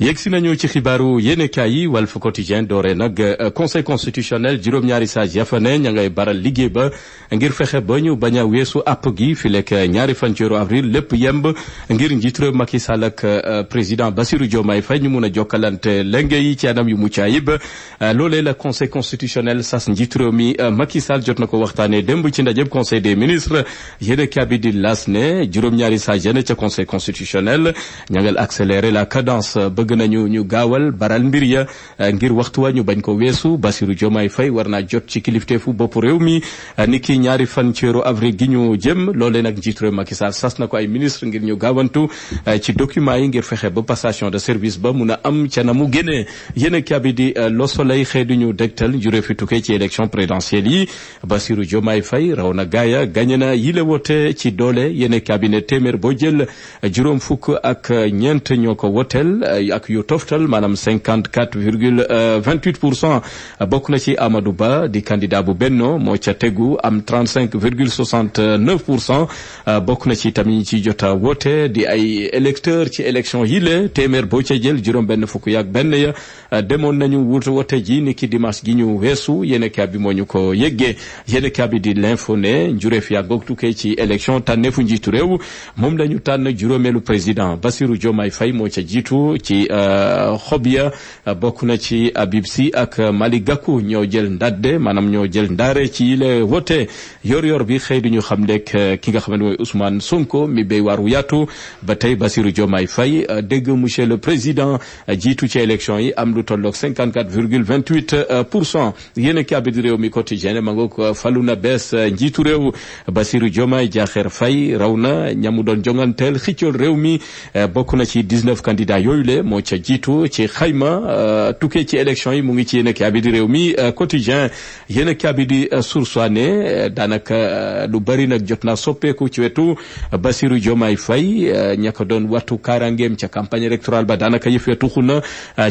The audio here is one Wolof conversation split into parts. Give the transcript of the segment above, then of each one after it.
yéeg si nañu ci xibaaru yéenekaay yi Walf Quotidien doore nag euh, conseil constitutionnel juróom-ñaari sages ya fa ne ña ngay baral liggéey ba ngir fexe ba ñu bañ a weesu àpp gi fi lekk ñaari fan ci avril lépp yemb ngir njiit réew Macky Sall ak euh, président Bassirou Diomaye fay ñu mun a jokkalante lenge yi ci anam yu mucc ayib euh, loolee la conseil constitutionnel sas njiit réew mi Macky Sall jot na ko waxtaanee démb ci ndajeb conseil des ministres yéenekaay bi di las ne juróom-ñaari sages ya ca conseil constitutionnel la bëgg nañu ñu gaawal baral mbir ya eh, ngir waxtu wa ñu bañ ko weesu Bassirou Diomaye Faye war jot ci kilifteefu bopp réew mi eh, ni ki ñaari fan ci weeru avril gi ñu jëm loolee nag njiit réew Macky Sall sas na ko ay ministre ngir ñu gaawantu eh, ci document yi ngir fexe ba passation de service ba mun a am ca na mu génnee yéen a kaabi di lo soleil xeedu ñu dégtal juree fi tukkee ci élection présidentielle yi Bassirou Diomaye Faye raw na gaaya gañe na yile wote ci doole yéen a kaabi ne téeméer boo jël ak yu toftal maanaam 54 virgule 28 euh, pour cent bokk na ci Amadou Ba di candidat bu Benno moo ca tegu am 35 virgule 69 pour cent euh, bokk na ci tamit ci jota woote di ay électeurs ci élection yi la téeméer boo ca jël juróom-benn fukk yaak benn ya euh, demoon nañu wut wote ji ni ki dimanche gi ñu weesu yéen a bi moo ñu ko yëggee yéen a bi di l'info ne njureef yaa goog tukkee ci élection tànneefu réew moom la ci ci euh, xob ya bokk na ci Habib si ak Malick Gakou ñoo jël ndadde maanaam ñoo jël ndaare ci yile wote yor-yor bi xëy ñu xam nekk euh, ki nga xamante mooy Ousmane Sonko mi béy waar wu yaatu ba tey Bassirou Diomaye fay euh, dégg monsieur le président jiitu ci élection yi am lu tolloog 54 virgule 28 pour cent yéen a réew mi quotidien ma ngoog falu na bees njiitu réew Bassirou Diomaye Diakhar fay raw na ñamu doon jonganteel xiccool réew mi bokku na ci 19 candidats yooyu le moo ca jiitu ci xayma euh, tukkee ci élection yi mu ngi ci yéen a kaabi di réew mi euh, quotidien yéen euh, a kaabi di sursoine daanaka lu bari nag jot naa soppeeku ci wetu Bassirou Diomaye fay ña ko doon wattu kaaraangeem ca campagne électorale ba daanaka yëf ya tuxu na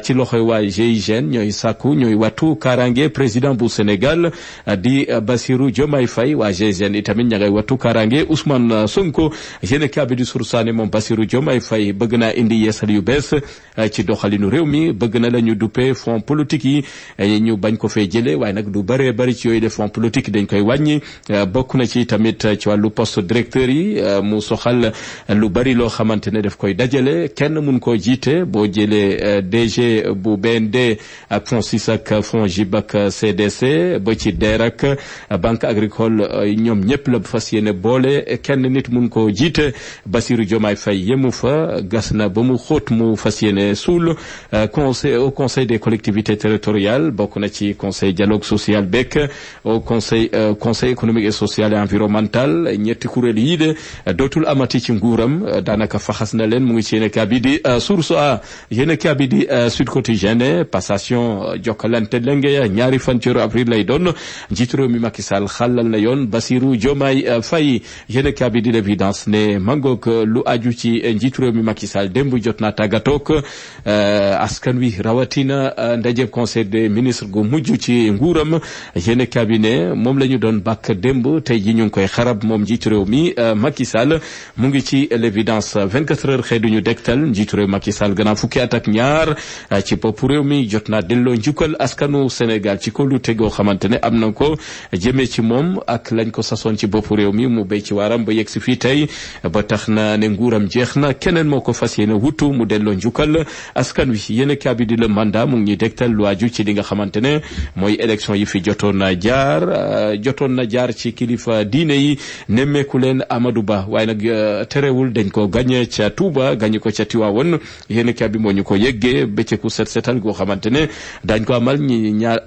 ci loxoy waa GIGN ñooy saku ñooy watu kaaraange président bu Sénégal di Bassirou Diomaye Faye waa GIGN itamit ña ngay wattu kaaraange Ousmane Sonko yéen a kaabi di sursoine moom Bassirou Diomaye bëgg naa indi yeesal yu bees Eh, ci doxalinu réew mi bëgg na la ñu duppee fonds politique yi eh, ñu bañ ko fee jëlee waaye nag du bëree bari ci yooyu de fonds politique dañ koy wàññi eh, bokk na ci tamit ci wàllu poste directeur yi mu soxal lu bari loo xamante ne daf koy dajale kenn mun koo jiite boo jëlee DG bu BND ak FONSIS ak FONGIP ak CDC ba ci DER ak banque agricole ñoom ñëpp la fas yéene boole kenn nit mun koo jiite Bassirou Diomaye fay yemu fa gas na ba mu xóot mu fas yéene ne suul euh, conseil au conseil des collectivités territoriales bokk na ci conseil dialogue social beek au conseil euh, conseil économique et social et environnemental ñetti kuréel yii de dootul amati ci nguuram daanaka faxas na leen mu ngi ci yéen a bi di euh, source a yéen a bi di Sud Quotidien passation Jokalante Lenge ñaari fan ci avril lay doon njiitu mi Macky Sall xàllal na yoon Basirou Diomaye Faye yéen a bi di l'évidence ne mangoog lu aju ci njiitu réew mi Macky Sall démb jot naa tàggatoog Euh, askan wi rawatina euh, ndajeeb conseil des ministre gu mujj ci nguuram yéen cabinet moom la ñu doon bàkk démb tey ji ñu ngi koy xarab moom njiitu réew mi euh, Macky Sall mu ngi ci l'évidence 24 heures xëy duñu dektal njiitu réew Macky Sall gannaaw fukki ak ñaar ci bopp réew mi jot naa delloo njukkal askanu Sénégal ci ko lu xamante ne am na ko jëmee ci moom ak lañ ko sasoon ci bopp réew mi mu béy ci waaram ba yegg si fii tey ba tax na ne nguuram jeex na keneen moo ko fas yéene wutu mu delloo njukal askan wi yéen a bi di le mandat mu ngi ñuy dégtal lu aju ci li nga xamante ne mooy élection yi fi jotoon na jaar euh, jotoon na jaar ci kilifa diine yi nemmeeku leen Amadou Ba waaye nag euh, terewul dañ ko gagné ca Touba gagné ko ca Tiwaawoon yéen a bi moo ñu ko yëggee bëccëgu set setal goo xamante ne dañ ko amal ñi ñaar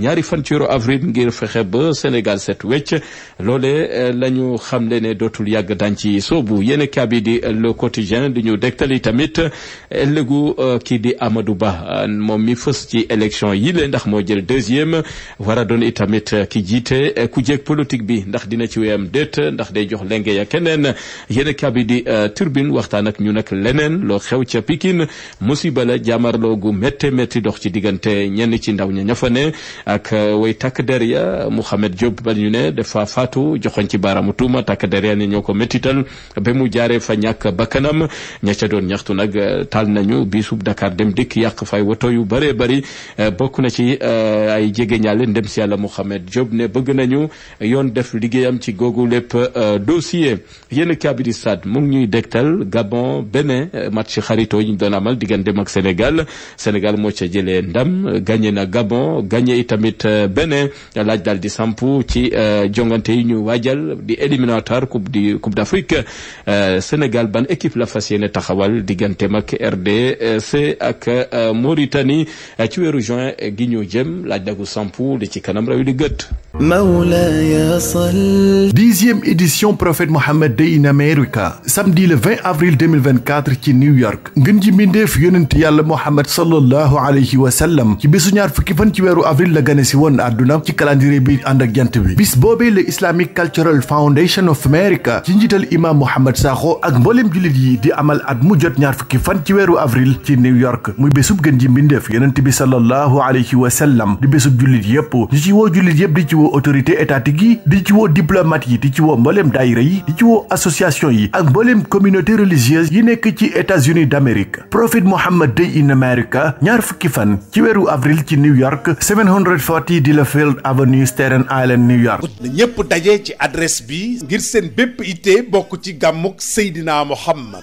ñaari fan ci weeru avril ngir fexe ba Sénégal set wecc loole euh, la ñu xamle ne dootul yàgg dañ ci soobu yéen a bi di le quotidien di ñu tamit gu euh, kii di Amadou Ba euh, moom mi fës ci élection yi le ndax moo jël deuxième war a doon itamit euh, ki jiite ku jeeg politique bi ndax dina ci weyam det ndax day jox lenge ya keneen yéen kabi di turbine waxtaan ak ñu nag leneen loo xew ca Pikine musiba la jaamarloo gu métte métti dox ci diggante ñenn ci ndaw ña ña fa ne ak way takk der ya Mouhamed Diop ba ñu ne dafa faatu joxoñ ci baaraamu tuuma takk der ya ne ñoo ko méttital ba mu jaaree fa ñàkk bakkanam ña doon ñaxtu nag taal réew biisub Dakar dem dikk yàq fay woto yu bëree bëri eh, bokk na ci eh, ay jege ñaale ndem si yàlla Mouhamed Diop ne bëgg nañu yoon def liggéeyam ci googu lépp eh, dossier yéen kabidi stade mu ngi ñuy dégtal Gabon Bénin match xaritoo yi ñu doon amal digganteem ak Sénégal Sénégal moo ca jëlee ndam gagné na Gabon gagné itamit Bénin laaj dal di sampu ci jongante yi ñu waajal di éliminatoire coupe di d'Afrique Sénégal ban équipe la fas yéene taxawal digganteem ak RD RDC euh, ak euh, Mauritanie euh, ci weeru juin gi ñu jëm laaj dagu sampu li ci kanam raw di gët. Mawlaaya sal. dixième édition Prophet Muhammad Day in America samedi le 20 avril 2024 ci New York ngën ji mbindeef yonent yàlla Muhammad sallallahu alayhi wa sallam ci bisu ñaar fukki fan ci weeru avril la gane si woon ci calendrier bi ànd ak jant bi bis boobee le Islamic Cultural Foundation of America ci njiital imam Mouhamed Sakho ak mboolem jullit di amal at mu jot ñaar fukki fan ci weeru avril avril ci New York muy bésub gën ji mbindeef yonent bi sallallahu alayhi di bésub jullit yépp di ci woo jullit yépp di ci woo autorité étatique yi di ci woo diplomate yi di ci woo mbooleem daayira yi di ci woo association yi ak mbooleem communauté religieuse yi nekk ci États-Unis d'Amérique Prophet Muhammad Day in America ñaar fukki fan ci weeru avril ci New York 740 Delafield Avenue Staten Island New York na ñépp daje ci adresse bi ngir seen bépp ittee bokk ci gàmmuk Seydina Muhammad